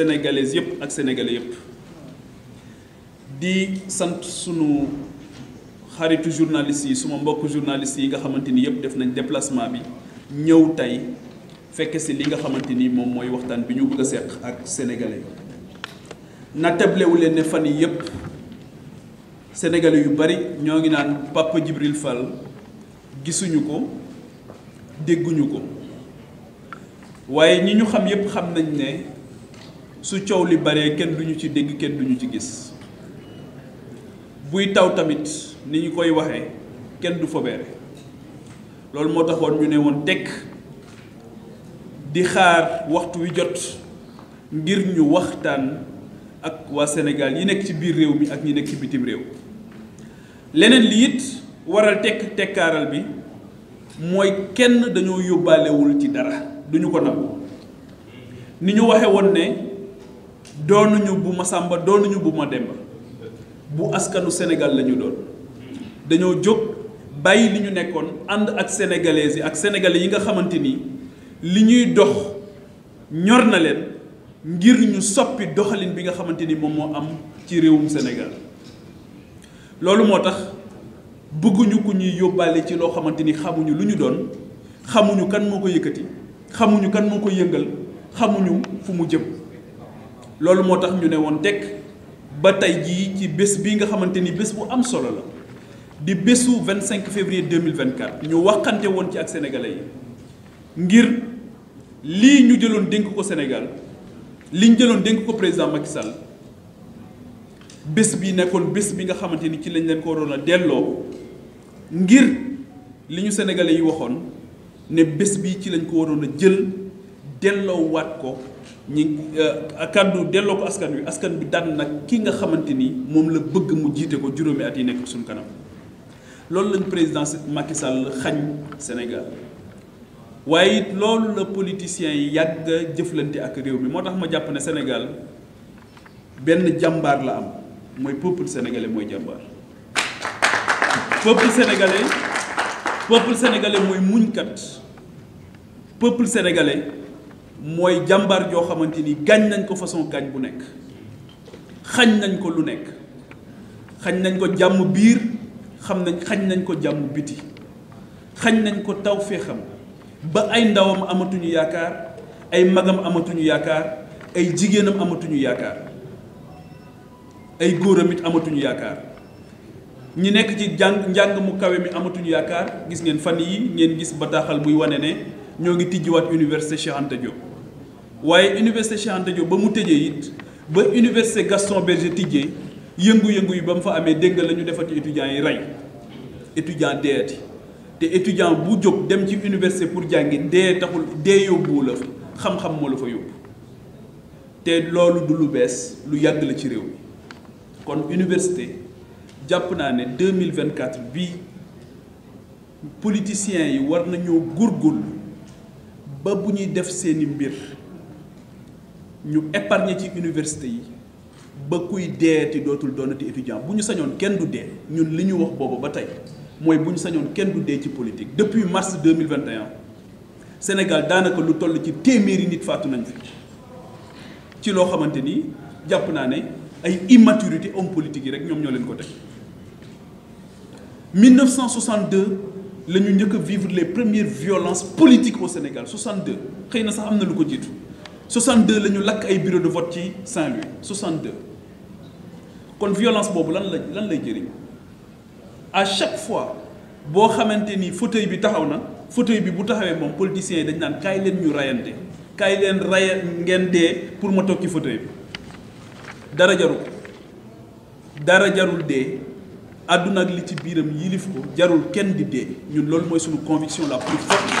sénégalaises yëpp ak sénégalais yëpp di sant sunu xaritu journalistes yi suma mbokk journalistes yi nga xamante ni yëpp def nañ déplacement bi ñëw tey fekk si li nga xamante ni moom mooy waxtaan bi ñu bëgg seq ak sénégalais yi na tablewu leen ne fan yi yëpp sénégalais yu bari ñoo ngi naan Papa Djibril Fall gisuñu ko dégguñu ko waaye ñi ñu xam yëpp xam nañ ne su coow li baree kenn duñu ci dégg kenn duñu ci gis buy taw tamit ni ñu koy waxe kenn du fobeere loolu moo taxoon ñu ne woon tekk di xaar waxtu wi jot ngir ñu waxtaan ak waa senegaal yi nekk ci biir réew mi ak ñi nekk ci bitim réew leneen li it waral tekk tekkaaral bi mooy kenn dañoo yóbbaalewul ci dara duñu ko nangu ni ñu waxe woon ne doonuñu bu ma sàmba doonuñu bu ma demba bu askanu senegal lañu doon dañoo jóg bàyyi li ñu nekkoon ànd ak sénégalais yi ak sénégalais yi nga xamante ni li ñuy dox ñor na leen ngir ñu soppi doxalin bi nga xamante ni moom moo am ci réewum senegal loolu moo tax bëgguñu ku ñuy yóbbaale ci loo xamante ni xamuñu lu ñu doon xamuñu kan moo ko yëkkati xamuñu kan moo ko yëngal xamuñu fu mu jëm. loolu moo tax ñu ne woon tekk ba tey jii ci bés bi nga xamante ni bés bu am solo la di bésu 25 février 2024 ñu waxante woon ci ak sénégalais yi ngir lii ñu jëloon dénk ko senegal li ñu jëloon dénk ko président Macky Sall bés bi nekkoon bés bi nga xamante ni ci lañ leen ko waroon a delloo ngir li ñu sénégalais yi waxoon ne bés bi ci lañ ko waroon a jël delloowaat ko. ñi euh, kàddu delloo ko askan wi askan bi daan nag ki nga xamante ni moom la bëgg mu jiite ko juróomi at yi nekk suñu kanam loolu lañ président Macky Sall xañ Sénégal waaye it loolu la politiciens yi yàgg jëflante ak réew mi moo tax ma jàpp ne Sénégal benn jàmbaar la am mooy peuple sénégalais mooy jàmbaar peuple sénégalais peuple sénégalais mooy muñkat peuple sénégalais mooy jàmbar joo xamante ni gaañ nañ ko façon gaañ bu nekk xañ nañ ko lu nekk xañ nañ ko jàmm biir xam nañ xañ nañ ko jàmm biti xañ nañ ko taw feexam ba ay ndawam amatuñu yaakaar ay magam amatuñu yaakaar ay jigéenam amatuñu yaakaar ay góoram it amatuñu yaakaar ñi nekk ci jàng njàng mu kawe mi amatuñu yaakaar gis ngeen fan yi ngeen gis bataaxal buy wane ne ñoo ngi tijjiwaat université Cheikh Anta Diop waaye université Cheikh Anta ba mu tëjee it ba université Gaston Berger tijjee yëngu-yëngu yi ba mu fa amee dégg la ñu defati étudiants yi rey étudiant deeti te étudiant bu jóg dem ci université pour jàngi dee taxul dee yóbbuwu la xam-xam moo la fa yóbbu te loolu du lu bees lu yàgg la ci réew mi kon université jàpp naa ne 2024 bii politiciens yi war nañoo góorgóorlu ba bu ñuy def seeni mbir ñu épargner ci université yi ba kuy deeti dootul doonati étudiant bu ñu sañoon kenn du dee ñun li ñu wax boobu ba tey mooy bu ñu sañoon kenn du dee ci politique depuis mars 2021 Sénégal daanaka lu toll ci téeméeri nit faatu nañ fi ci loo xamante ni jàpp naa ne ay immaturité homme politique yi rek ñoom ñoo ko teg 1962 la ñu njëkk vivre les premières violences politiques au Sénégal 62 xëy na sax am na lu ko jiitu. 62 lañu lak ay bureau de vote ci Saint-Louis 62 kon violence bobu lan lan à chaque fois bo xamanteni fauteuil bi na fauteuil bi bu taxawé politiciens dañ naan kay leen ñu rayante kay leen Ils ngeen pour ma tokki fauteuil bi dara jarul dara jarul ak li ci conviction la plus forte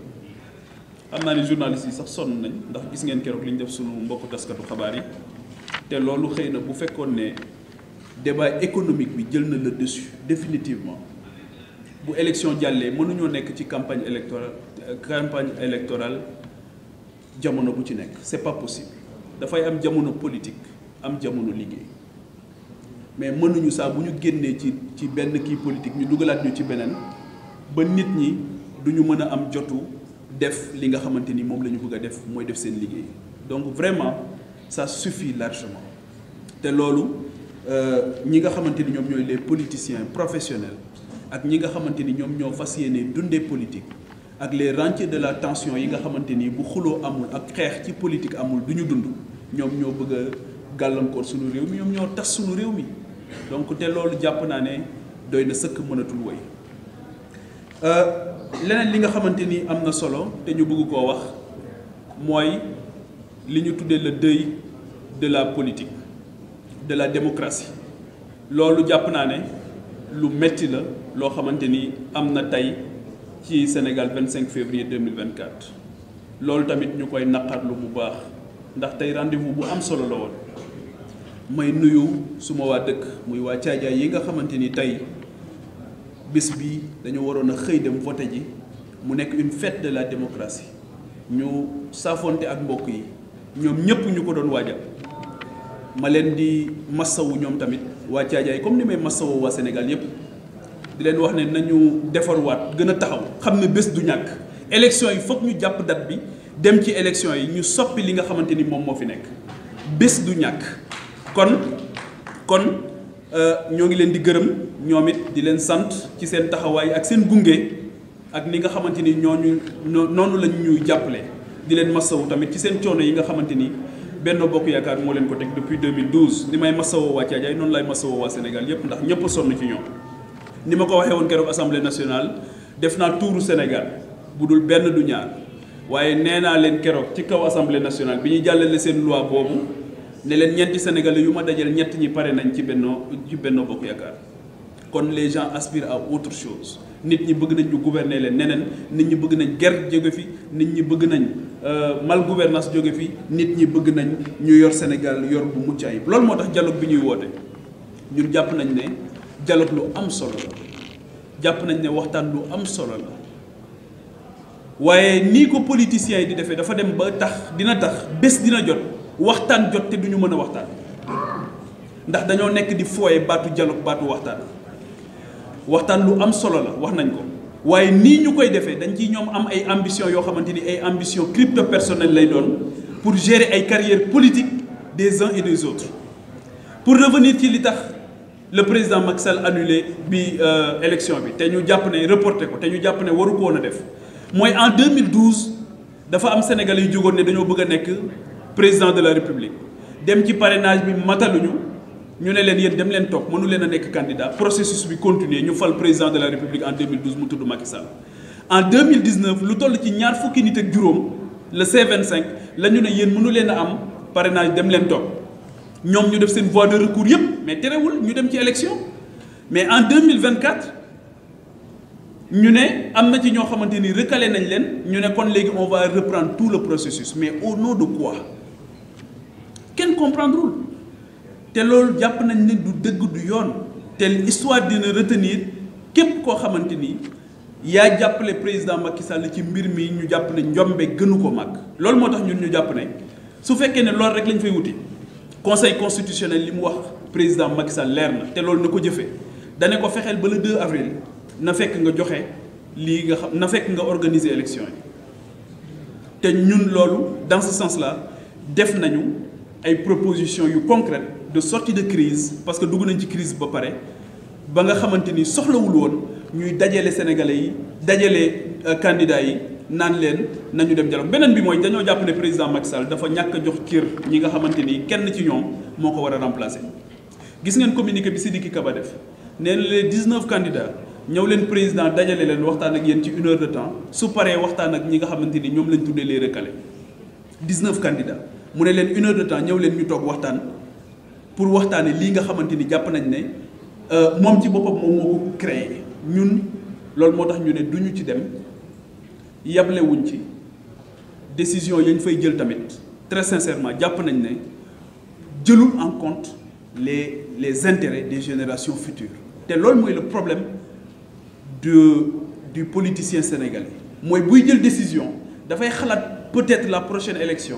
amna les journalistes yi sax sonn nañ ndax gis ngeen kérok liñ def suñu mbokk taskatu xabaar yi te loolu xëy na bu fekkoon ne débat économique bi jël na le dessus définitivement bu élection jàllee mënuñoo nekk ci campagne électorale campagne électorale jamono bu ci nekk c'est pas possible dafay am jamono politique am jamono liggéey mais mënuñu saa bu ñu génnee ci ci benn kii politique ñu dugalaat ñu ci beneen ba nit ñi duñu mën a am jotu def li nga xamante ni moom la ñu bëgg a def mooy def seen liggéey donc vraiment ça suffit largement te loolu euh, ñi nga xamante ni ñoom ñooy les politiciens professionnels ak ñi nga xamante ni ñoom ñoo fas yéene dundee politique ak les rentiers de la tension yi nga xamante ni bu xuloo amul ak xeex ci politique amul du ñu dund ñoom ñoo bëgg a gàllankoor sunu réew mi ñoom ñoo tas sunu réew mi donc te loolu jàpp naa ne doy na sëkk mënatul woy Euh, leneen li nga xamante ni am na solo te ñu bëgg koo wax mooy li ñu tuddee le deuil de la politique de la démocratie loolu jàpp naa ne lu metti la loo xamante ni am na tey ci Sénégal 25 février 2024 loolu tamit ñu koy naqarlu bu baax ndax tey rendez-vous bu am solo la woon may nuyu ma waa dëkk muy waa caajaay yi nga xamante ni tey bés bii dañu waroon a xëy dem voté ji mu nekk une fait de la démocratie ñu saafonte ak mbokk yi ñoom ñëpp ñu ko doon waajal ma leen di wu ñoom tamit waa Caajaay comme ni may massawu waa Sénégal yëpp di leen wax ne nañu defarwaat gën a taxaw xam ne bés du ñàkk élection yi foog ñu jàpp dat bi dem ci élection yi ñu soppi li nga xamante ni moom moo fi nekk bés du ñàkk kon kon Euh, ñoo ngi leen di gërëm ñoom it di leen sant ci seen taxawaay ak seen gunge ak ni nga xamante ni ñooñu noonu lañ ñuy jàppale di leen masawu tamit ci seen coono yi nga xamante ni benn Bokk Yaakaar moo leen ko teg depuis 2012 ni may masawoo waa Thiadiaye noonu lay masawoo waa Sénégal yépp ndax ñëpp sonn ci ñoom ni ma ko waxee woon keroog assemblée nationale def naa tuuru Sénégal bu dul benn du ñaar waaye nee naa leen keroog ci kaw assemblée nationale bi ñuy jàllale seen loi boobu ne len ñeenti sénégalais yu ma dajal ñett ñi pare nañ ci benno ci benno bokk yaakaar kon les gens aspirent à autre chose nit ñi bëgg nañ ñu gouverner leen nenen nit ñi bëgg nañ guerre jëgë fi nit ñi bëgg nañ euh, mal gouvernance jëgë fi nit ñi bëgg nañ ñu yor sénégal yor bu mucc ayib lool motax dialogue bi ñuy woote ñun japp nañ né dialogue lu am solo la japp nañ né waxtaan lu am solo la waye ni ko politiciens yi di défé dafa dem ba tax dina tax bés dina jot waxtaan jot te a ndax dañoo nekk di dialogue baatu waxtaan waxtaan lu am solo la wax nañ ko waaye nii ñu koy defee dañ ci am ay ambition yoo xamante ambition crypto personnelle lay pour gérer ay carrière politique, des uns et des autres pour revenir ci li tax le président Macky annulé bi euh, élection bi ñu reporté ko ñu waru ko def en 2012 dafa am Sénégalais yu jógoon président de la république dem ci parrainage bi mataluñu ñu ne leen yéen dem leen toog mënu leen candidat processus bi continuer ñu fal président de la république en 2012 mu tudd Macky Sall en 2019 lu toll ci ñaar fukki nit ak le C25 la ne yéen mënu leen am parrainage dem leen toog ñoom ñu def seen voie de recours mais mais terewul ñu dem ci élection mais en 2024 ñu ne am na ci ñoo xamante ni nañ leen ne kon on va reprendre tout le processus mais au nom de quoi Ken comprendre te loolu jàpp nañ ne du dëgg du yoon té histoire dina retenir képp ko xamanteni ya yaa président Macky Sall ci mbir mi ñu jàpp ne njombe gënu ko mag loolu motax ñun ñu japp né su fekkee né loolu rek lañ fay wuti conseil constitutionnel li wax président Macky Sall leer na te loolu na ko jëfee ko fexel ba le 2 avril na fekk nga joxé li nga xam na fekk nga organiser élection té ñun loolu dans ce sens là def nañu ay proposition yu de sortie de crise parce que dugg nañ ci crise ba pare ba nga xamante ni wul woon ñuy dajale sénégalais yi dajale euh, candidats yi naan leen nañu dem dialogue beneen bi mooy dañoo jàpp ne président Macky Sall dafa ñàkk jox cër ñi nga xamante ni kenn ci ñoom moo ko war a remplacer. gis ngeen communiqué bi Sidiki Kaba def nee na les 19 candidats ñëw leen président dajale leen waxtaan ak yéen ci une heure de temps su paree waxtaan ak ñi nga xamante ni ñoom lañ tuddee les recalés 19 candidats mu ne une heure de temps ñëw leen ñu toog waxtaan pour waxtaanee lii nga xamante ni jàpp nañ ne euh, moom ci boppam moom moo ko créé ñun loolu moo tax ñu ne duñu ci dem wuñ ci décision yañ fay jël tamit très sincèrement jàpp nañ ne jëlul en compte les les intérêts des générations futures te loolu mooy le problème de du politicien sénégalais mooy buy jël décision dafay xalaat peut-être la prochaine élection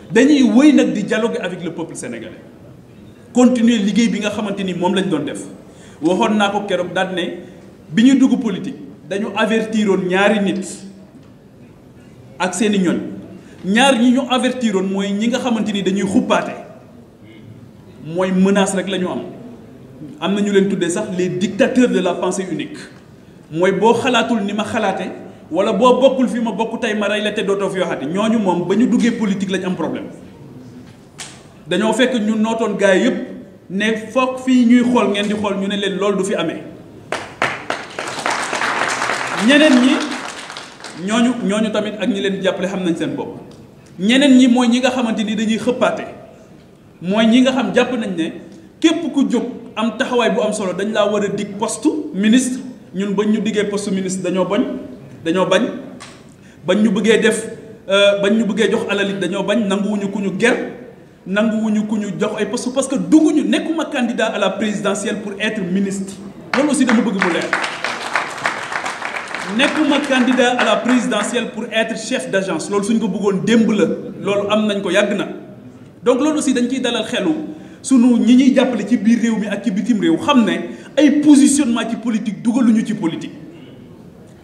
dañuy faut nag di dialogue avec le peuple sénégalais continuer liggéey bi nga xamante ni moom lañ doon def waxoon naa ko politique dañu avertiroon ñaari nit ak seeni ñoon ñaar ñi ñu avertiroon mooy ñi nga xamante menace la am les dictateurs de la pensée unique mooy boo xalaatul ni ma wala boo bokkul fi ma bokk tey ma rey la te dootoo fi waxati ñooñu moom ba ñu duggee politique lañ am problème dañoo fekk ñu nootoon gars yëpp ne foog fii ñuy xool ngeen di xool ñu ne leen lool du fi amee ñeneen ñi ñooñu ñooñu tamit ak ñi leen jàppale xam nañ seen bopp ñeneen ñi mooy ñi nga xamante ni dañuy xëppaate mooy ñi nga xam jàpp nañ ne képp ku jóg am taxawaay bu am solo dañ laa war a dikk poste ministre ñun bañ ñu diggee poste ministre dañoo bañ dañoo bañ bañ ñu bëggee def euh, bañ ñu bëggee jox alal it dañoo bañ nanguwuñu ku ñu ger nanguwuñu ku ñu jox ay poste parce que dugguñu nekkuma candidat à la présidentielle pour être ministre loolu aussi dama bëgg mu leer nekkuma candidat à la présidentielle pour être chef d'agence loolu suñ ko bëggoon démb la loolu am nañ ko yàgg na donc loolu aussi dañ ciy dalal xelu sunu ñi ñuy jàppale ci biir réew mi ak ci bitim réew xam ne ay positionnement ci politique dugaluñu ci politique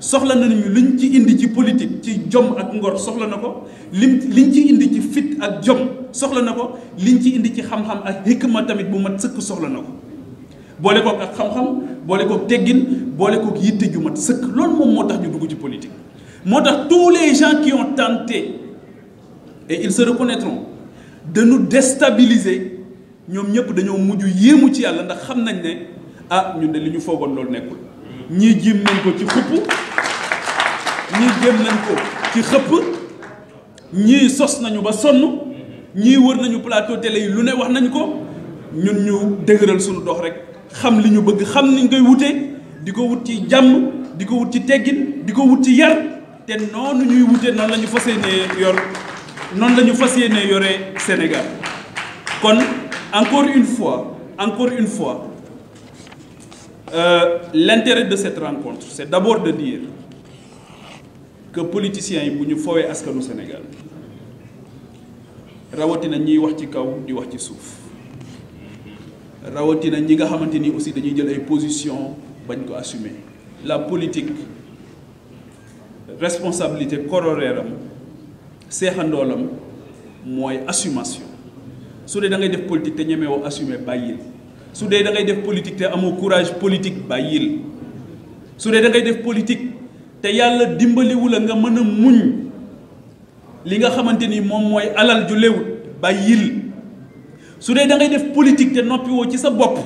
soxla nañu liñ ci indi ci politique ci jom ak ngor soxla na ko liñ ci indi ci fit ak jom soxla na ko liñ ci indi ci xam-xam ak hikma tamit bu mat sëkk soxla na ko boole kook ak xam-xam boole ko teggin boole ko yitte ju mat sëkk loolu moom moo tax ñu dugg ci politique moo tax tous les gens qui ont tenté et ils se reconnaîtront de nous déstabiliser ñoom ñëpp dañoo mujj yéemu ci yàlla ndax xam nañ ne ah ñun de li ñu foogoon loolu nekkul ñii jéem nañ ko ci xupp ñii jéem nañ ko ci xëpp ñii sos nañu ba sonn ñii wër nañu plateau télé yi lu ne wax nañ ko ñun ñu dëgëral suñu dox rek xam li ñu bëgg xam niñ koy wute di ko wut ci jàmm di ko wut ci teggin di ko wut ci yar te noonu ñuy wute noonu la ñu fas yéenee yor noonu la ñu fas yéenee yore Sénégal kon encore une fois encore une fois Euh, l'intérêt de cette rencontre c'est d'abord de dire que politiciens yi bu ñu fowee askanu Sénégal rawatina ñi wax ci kaw di wax ci suuf rawatina ñi nga xamanteni aussi dañuy jël ay position bañ ko assumer la politique responsabilité corollaire am seexandoolam moy assumation su da ngay def politique te ñemewoo assumer bàyyil su dee da ngay def politique te amoo courage politique bàyyil su dee da ngay def politique te yàlla dimbali la nga mën muñ li nga xamante ni moom alal ju léwut bàyyil su dee da ngay def politique te noppiwoo ci sa bopp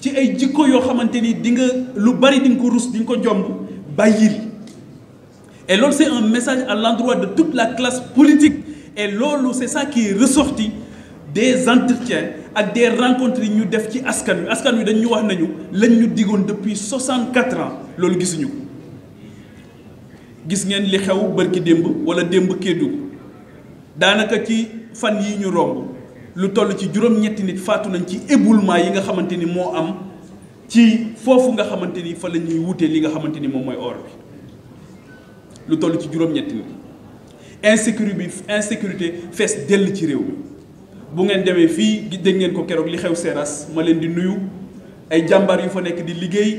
ci ay jikko yoo xamante ni di nga lu bari di nga ko di nga ko et loolu c'est un message à l'endroit de toute la classe politique et loolu c'est ça qui est ressorti des entretiens ak des rencontres yi ñu def ci askan wi askan wi dañ ñu wax nañu lañ ñu digoon depuis 64 ans loolu gisuñu ko gis ngeen li xew bërki démb wala démb Kédougou daanaka ci fan yi ñu romb lu toll ci juróom-ñetti nit faatu nañ ci éboulement yi nga xamante ni moo am ci foofu nga xamante ni fa la ñuy wutee li nga xamante ni moom mooy or bi lu toll ci juróom-ñetti nit insécurité bi insécurité fees dell ci réew mi bu ngeen demee fii di dégg ngeen ko keroog li xew Seras ma leen di nuyu ay jàmbaar yu fa nekk di liggéey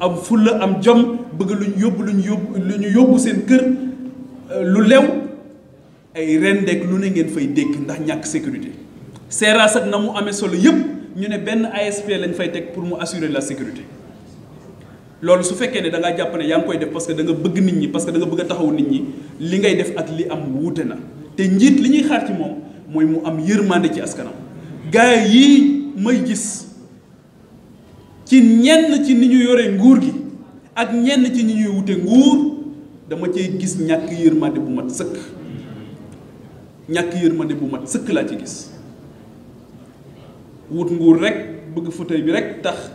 am fulla am jom bëgg lu ñu yóbbu lu ñu yóbbu lu ñu yóbbu seen kër euh, lu lew ay rendeek lu ne ngeen fay dégg ndax ñàkk sécurité Seras ak na mu amee solo yëpp ñu ne benn ASP lañ fay teg pour mu assurer la sécurité loolu su fekkee ne danga ngaa jàpp ne yaa ngi koy def parce que da nga bëgg nit ñi parce que da bëgg a taxaw nit ñi li ngay def ak li am wuute na te njiit li ñuy xaar ci moom. moy mu am yërmande ci askanam gaay yi may gis ci ñenn ci ni ñu nguur gi ak ñenn ci nguur dama gis bu mat bu mat ci gis wut nguur rek bëgg fauteuil bi rek tax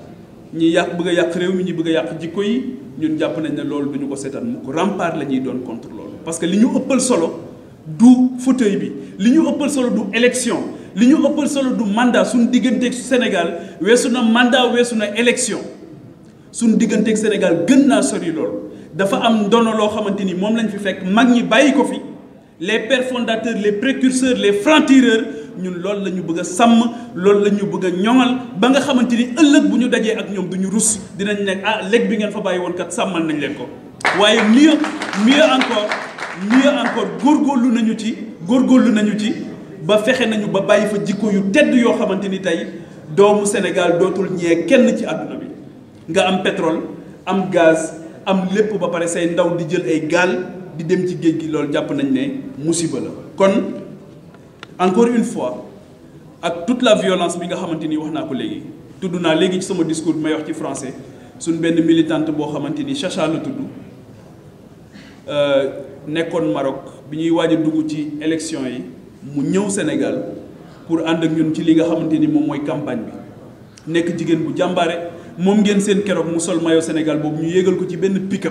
ñi yaq bëgg a rew mi ñi bëgg a jikko yi ñun qui nañ ko mu ko rempart la doon contre parce que li ñu ëppal solo du fauteuil bi liñu ëppal solo du élection liñu ëppal solo du mandat suñu ak Sénégal weesu na mandat weesu na élection suñu ak Sénégal gën na sori lool dafa am ndono lo xamanteni mom lañ fi fekk mag ñi bayiko fi les pères fondateurs les précurseurs les francs-tireurs ñun lool lañu bëgg sam lool lañu bëgg ñongal ba nga xamanteni ni ëllëg bu ak ñom duñu rus dinañ nek ah léeg bi ngeen fa bayiwon kat samal nañ leen ko waye mieux mieux encore mieux encore gorgolou nañu ci gorgolou nañu ci ba fexé nañu ba bàyyi fa jikko yu tedd yo xamanteni tay doomu Sénégal dootul ñé kenn ci aduna bi nga am pétrole am gaz am lepp ba paré say ndaw di jël ay gal di dem ci géej gi loolu nañ né musiba la kon encore une fois ak toute la violence bi nga xamanteni ni wax naa ko léegi tudd naa léegi ci sama discours bi may wax ci français suñ benn militante boo xamante ni Chacha la tudd euh, nekkoon Maroc bi ñuy waaja dugg ci élection yi mu ñëw Sénégal pour ànd ak ñoom ci li nga xamante ni moom mooy campagne bi nekk jigéen bu jàmbaare moom ngeen seen keroog mu sol maillot Sénégal boobu ñu yégal ko ci benn pick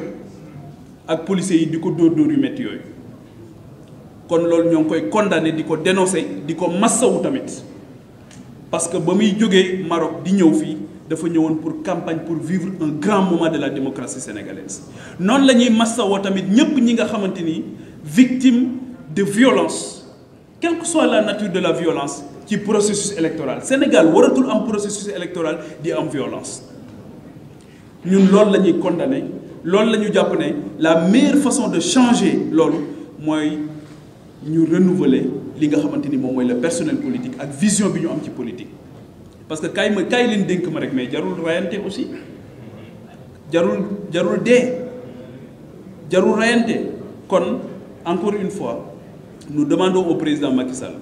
ak policiers yi di ko dóor dóor yu métti yooyu kon loolu ñoo ngi koy condamné di ko dénoncé di ko massawu tamit parce que ba muy jógee Maroc di ñëw fii de faire pour campagne pour vivre un grand moment de la démocratie sénégalaise Non, la ñuy tamit ñi victime de violence quelle que soit la nature de la violence qui processus électoral Sénégal waratul un processus électoral est en violence Nous loolu la condamné loolu la ñu la meilleure façon de changer loolu moi, ñu renouveler li nga le personnel politique la vision bi politique parce que kay ma kaay leen ma rek mais jarul rayante aussi jarul jarul dé jarul rayante kon encore une fois nous demandons au président Macky Sall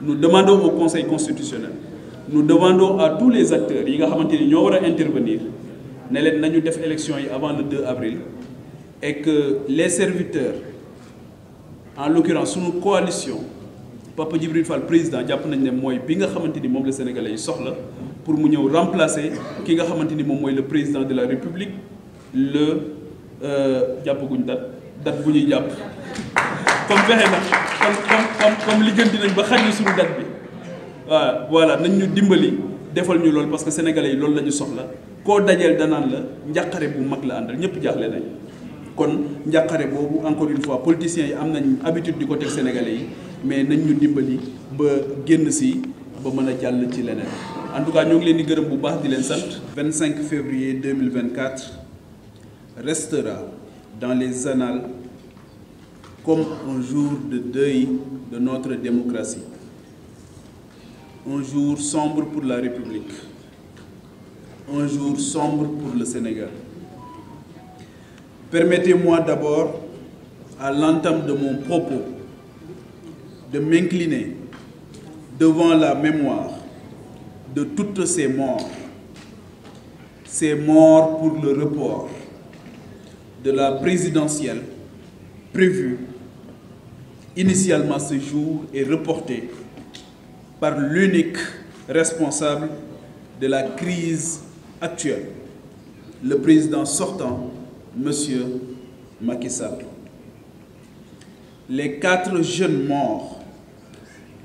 nous demandons au conseil constitutionnel nous demandons à tous les acteurs yi nga a ñoo wara intervenir ne nañu def avant le 2 avril et que les serviteurs en l'occurrence nos coalition Papa Djibril Fall président jàpp nañ ne mooy bi nga xamante ni moom la sénégalais yi soxla pour mu ñëw remplacer ki nga xamante ni moom le président de la république le euh, jàppaguñ dat dat bu ñuy comme fexe na comme comme comme li gën dinañ ba xàññi suñu dat bi waaw voilà nañ ñu dimbali defal ñu loolu parce que sénégalais yi loolu la ñu soxla koo dajeel danaan la njàqare bu mag la àndal ñëpp jaaxle nañ kon njàqare boobu encore une fois politiciens yi am nañ habitude di ko sénégalais yi mais nous ñu dimbali ba génn si ba mën a ci en tout cas leen di gërëm bu 25 février 2024 restera dans les annales comme un jour de deuil de notre démocratie un jour sombre pour la République un jour sombre pour le Sénégal permettez-moi d'abord à l'entame de mon propos de m'incliner devant la mémoire de toutes ces morts, ces morts pour le report de la présidentielle prévue initialement ce jour et reportée par l'unique responsable de la crise actuelle, le président sortant, M. Macky Les quatre jeunes morts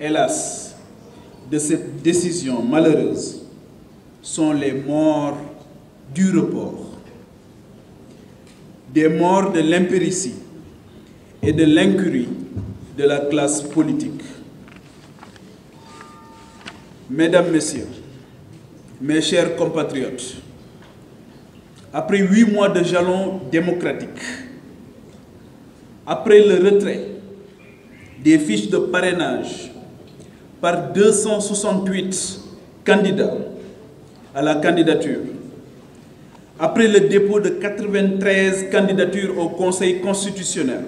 hélas, de cette décision malheureuse sont les morts du report, des morts de l'impéritie et de l'incurie de la classe politique. Mesdames, Messieurs, mes chers compatriotes, après huit mois de jalons démocratiques, après le retrait des fiches de parrainage par 268 candidats à la candidature. Après le dépôt de 93 candidatures au Conseil constitutionnel,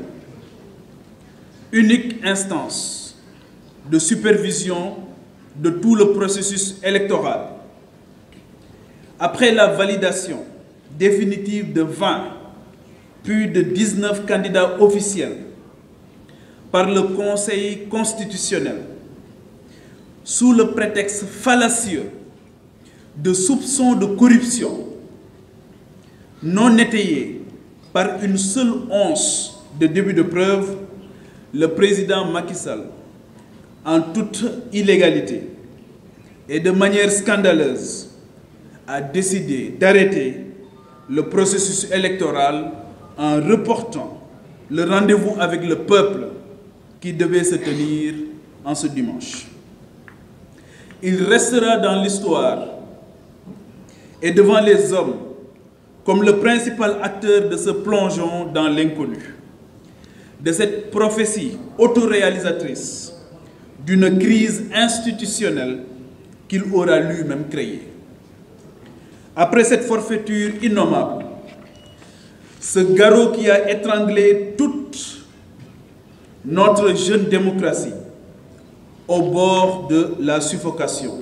unique instance de supervision de tout le processus électoral, après la validation définitive de 20, puis de 19 candidats officiels par le Conseil constitutionnel, sous le prétexte fallacieux de soupçons de corruption non étayés par une seule once de début de preuve, le président Macky Sall, en toute illégalité et de manière scandaleuse, a décidé d'arrêter le processus électoral en reportant le rendez-vous avec le peuple qui devait se tenir en ce dimanche il restera dans l'histoire et devant les hommes comme le principal acteur de ce plongeon dans l'inconnu, de cette prophétie autoréalisatrice d'une crise institutionnelle qu'il aura lui-même créée. Après cette forfaiture innommable, ce garrot qui a étranglé toute notre jeune démocratie, au bord de la suffocation.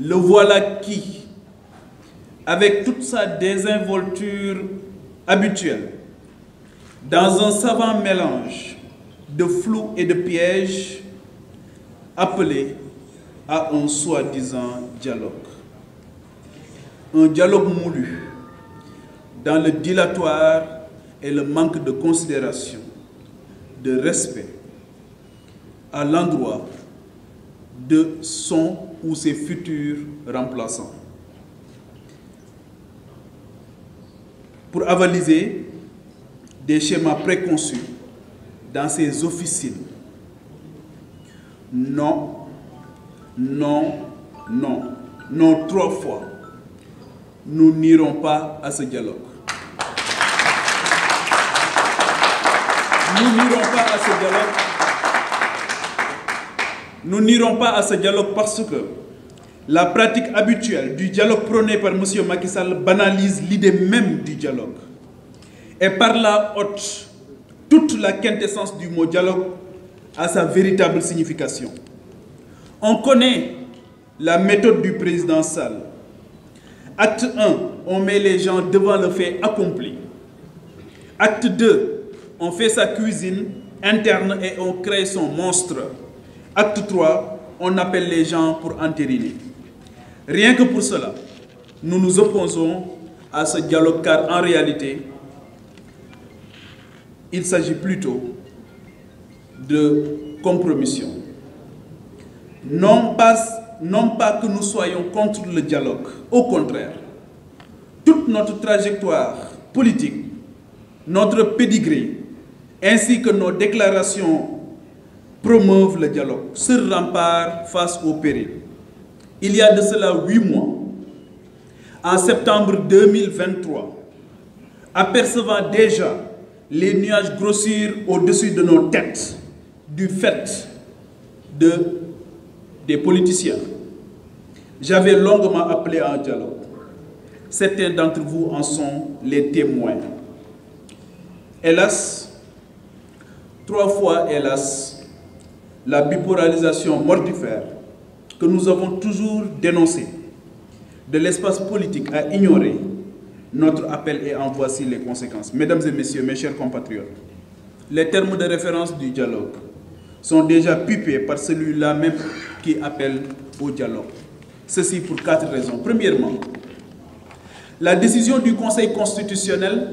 Le voilà qui, avec toute sa désinvolture habituelle, dans un savant mélange de flou et de piège, appelé à un soi-disant dialogue. Un dialogue moulu dans le dilatoire et le manque de considération, de respect à l'endroit de son ou ses futurs remplaçants. Pour avaliser des schémas préconçus dans ses officines. Non, non, non, non trois fois. Nous n'irons pas à ce dialogue. Nous n'irons pas à ce dialogue nous n'irons pas à ce dialogue parce que la pratique habituelle du dialogue prôné par M. Macky Sall banalise l'idée même du dialogue. Et par là haute toute la quintessence du mot dialogue à sa véritable signification. On connaît la méthode du président Sall. Acte 1, on met les gens devant le fait accompli. Acte 2, on fait sa cuisine interne et on crée son monstre. Acte 3, on appelle les gens pour entériner. Rien que pour cela, nous nous opposons à ce dialogue car en réalité, il s'agit plutôt de compromission. Non pas, non pas que nous soyons contre le dialogue, au contraire, toute notre trajectoire politique, notre pedigree, ainsi que nos déclarations promove le dialogue, se rempart face au péril. Il y a de cela huit mois, en septembre 2023, apercevant déjà les nuages grossir au-dessus de nos têtes du fait de, des politiciens, j'avais longuement appelé à un dialogue. Certains d'entre vous en sont les témoins. Hélas, trois fois hélas, la bipolarisation mortifère que nous avons toujours dénoncée de l'espace politique a ignoré notre appel et en voici les conséquences. Mesdames et messieurs, mes chers compatriotes, les termes de référence du dialogue sont déjà pipés par celui-là même qui appelle au dialogue. Ceci pour quatre raisons. Premièrement, la décision du Conseil constitutionnel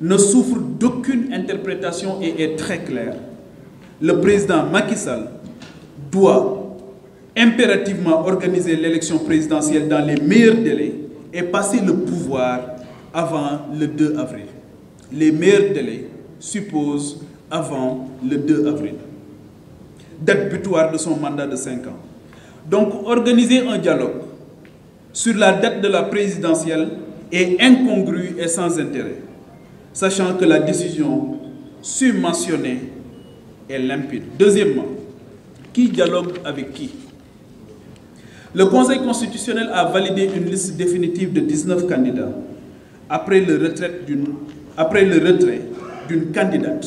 ne souffre d'aucune interprétation et est très claire le président Macky Sall doit impérativement organiser l'élection présidentielle dans les meilleurs délais et passer le pouvoir avant le 2 avril. Les meilleurs délais supposent avant le 2 avril, date butoir de son mandat de 5 ans. Donc organiser un dialogue sur la date de la présidentielle est incongru et sans intérêt, sachant que la décision submentionnée est limpide. Deuxièmement, qui dialogue avec qui Le Conseil constitutionnel a validé une liste définitive de 19 candidats après le retrait d'une, après le retrait d'une candidate.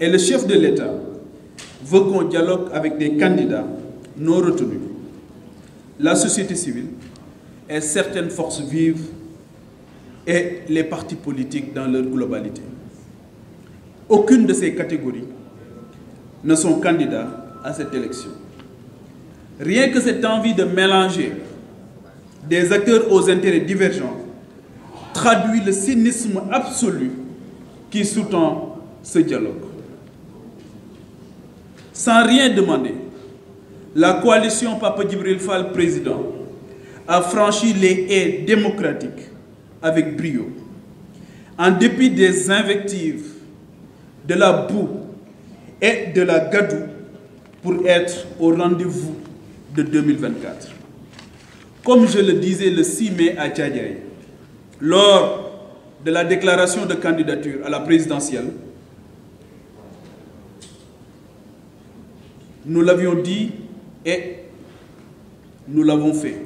Et le chef de l'État veut qu'on dialogue avec des candidats non retenus, la société civile et certaines forces vives et les partis politiques dans leur globalité. Aucune de ces catégories ne sont candidats à cette élection. Rien que cette envie de mélanger des acteurs aux intérêts divergents traduit le cynisme absolu qui sous-tend ce dialogue. Sans rien demander, la coalition Papa Djibril Fall président a franchi les haies démocratiques avec brio. En dépit des invectives, de la boue et de la Gadou pour être au rendez-vous de 2024. Comme je le disais le 6 mai à Tchadjaï, lors de la déclaration de candidature à la présidentielle, nous l'avions dit et nous l'avons fait.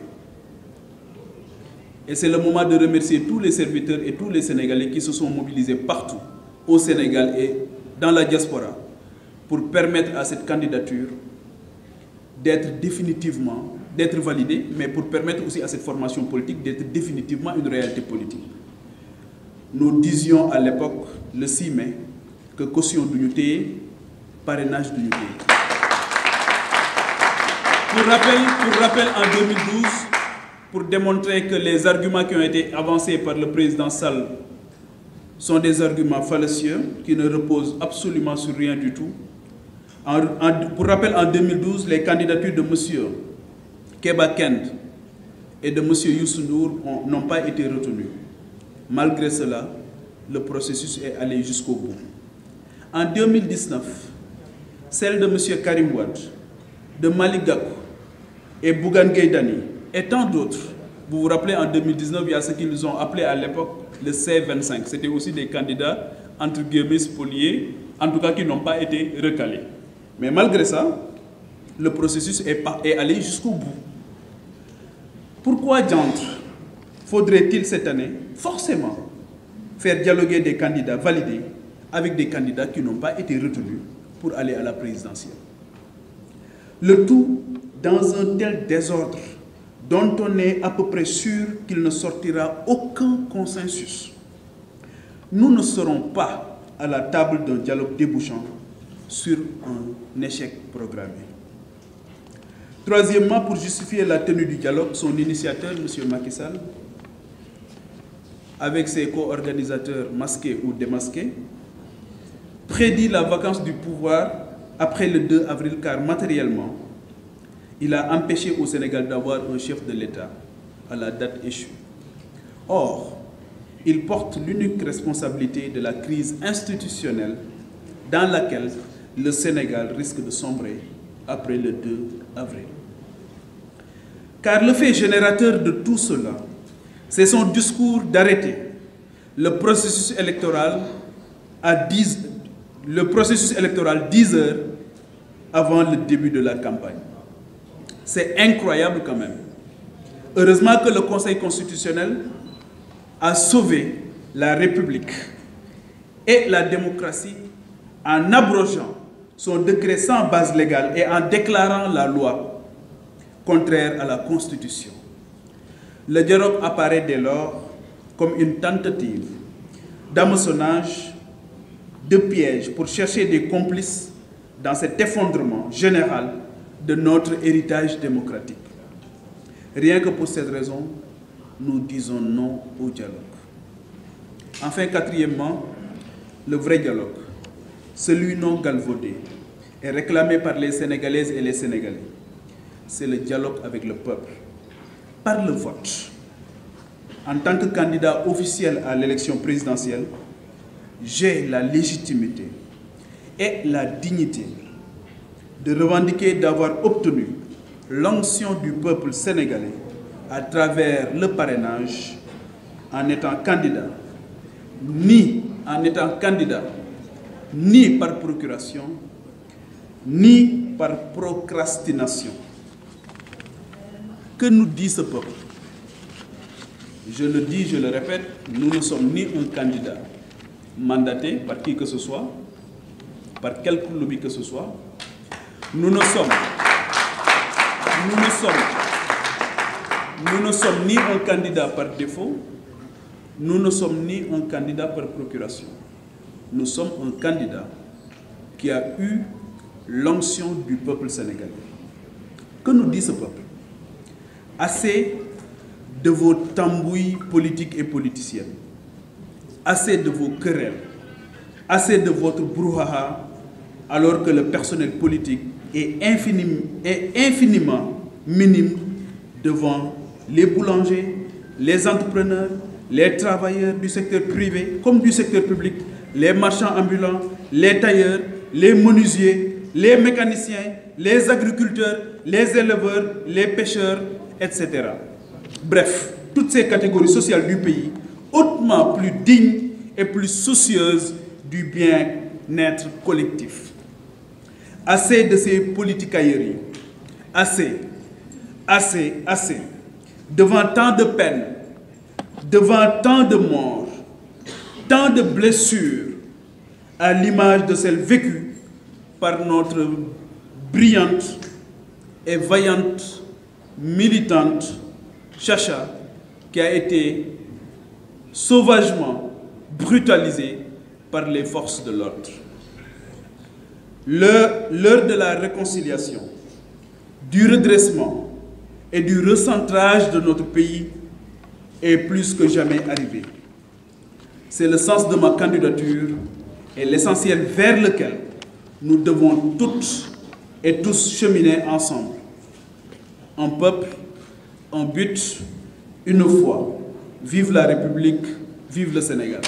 Et c'est le moment de remercier tous les serviteurs et tous les Sénégalais qui se sont mobilisés partout, au Sénégal et dans la diaspora, pour permettre à cette candidature d'être définitivement, d'être validée, mais pour permettre aussi à cette formation politique d'être définitivement une réalité politique. Nous disions à l'époque, le 6 mai, que caution d'unité, parrainage d'unité. Pour rappel, pour rappel, en 2012, pour démontrer que les arguments qui ont été avancés par le président Sall sont des arguments fallacieux qui ne reposent absolument sur rien du tout, pour rappel, en 2012, les candidatures de M. Keba Kent et de M. Youssou n'ont pas été retenues. Malgré cela, le processus est allé jusqu'au bout. En 2019, celles de M. Karim Wad, de Malik Gakou et Bougan Gaydani et tant d'autres. Vous vous rappelez, en 2019, il y a ce qu'ils ont appelé à l'époque le C25. C'était aussi des candidats, entre guillemets, spoliés, en tout cas qui n'ont pas été recalés. Mais malgré ça, le processus est, allé jusqu'au bout. Pourquoi diantre faudrait-il cette année forcément faire dialoguer des candidats validés avec des candidats qui n'ont pas été retenus pour aller à la présidentielle Le tout dans un tel désordre dont on est à peu près sûr qu'il ne sortira aucun consensus. Nous ne serons pas à la table d'un dialogue débouchant sur un échec programmé. Troisièmement, pour justifier la tenue du dialogue, son initiateur, M. Macky Sall, avec ses co-organisateurs masqués ou démasqués, prédit la vacance du pouvoir après le 2 avril car matériellement, il a empêché au Sénégal d'avoir un chef de l'État à la date échue. Or, il porte l'unique responsabilité de la crise institutionnelle dans laquelle le Sénégal risque de sombrer après le 2 avril. Car le fait générateur de tout cela, c'est son discours d'arrêter le processus électoral à 10, le processus électoral 10 heures avant le début de la campagne. C'est incroyable quand même. Heureusement que le Conseil constitutionnel a sauvé la République et la démocratie en abrogeant son décret sans base légale et en déclarant la loi contraire à la Constitution. Le dialogue apparaît dès lors comme une tentative d'hameçonnage, de piège pour chercher des complices dans cet effondrement général de notre héritage démocratique. Rien que pour cette raison, nous disons non au dialogue. Enfin, quatrièmement, le vrai dialogue celui non galvaudé, est réclamé par les Sénégalaises et les Sénégalais. C'est le dialogue avec le peuple, par le vote. En tant que candidat officiel à l'élection présidentielle, j'ai la légitimité et la dignité de revendiquer d'avoir obtenu l'onction du peuple sénégalais à travers le parrainage en étant candidat, ni en étant candidat ni par procuration, ni par procrastination. Que nous dit ce peuple Je le dis, je le répète, nous ne sommes ni un candidat mandaté par qui que ce soit, par quel lobby que ce soit. Nous ne sommes, nous ne sommes, nous ne sommes ni un candidat par défaut, nous ne sommes ni un candidat par procuration nous sommes un candidat qui a eu l'onction du peuple sénégalais. Que nous dit ce peuple Assez de vos tambouilles politiques et politiciennes, assez de vos querelles, assez de votre brouhaha, alors que le personnel politique est, est infiniment minime devant les boulangers, les entrepreneurs, les travailleurs du secteur privé comme du secteur public les marchands ambulants, les tailleurs, les menuisiers, les mécaniciens, les agriculteurs, les éleveurs, les pêcheurs, etc. Bref, toutes ces catégories sociales du pays, hautement plus dignes et plus soucieuses du bien-être collectif. Assez de ces politiques politicailleries. Assez, assez, assez. Devant tant de peines, devant tant de morts, tant de blessures à l'image de celles vécues par notre brillante et vaillante militante Chacha qui a été sauvagement brutalisée par les forces de l'ordre. L'heure de la réconciliation, du redressement et du recentrage de notre pays est plus que jamais arrivée. C'est le sens de ma candidature et l'essentiel vers lequel nous devons toutes et tous cheminer ensemble. Un peuple, un but, une foi. Vive la République, vive le Sénégal.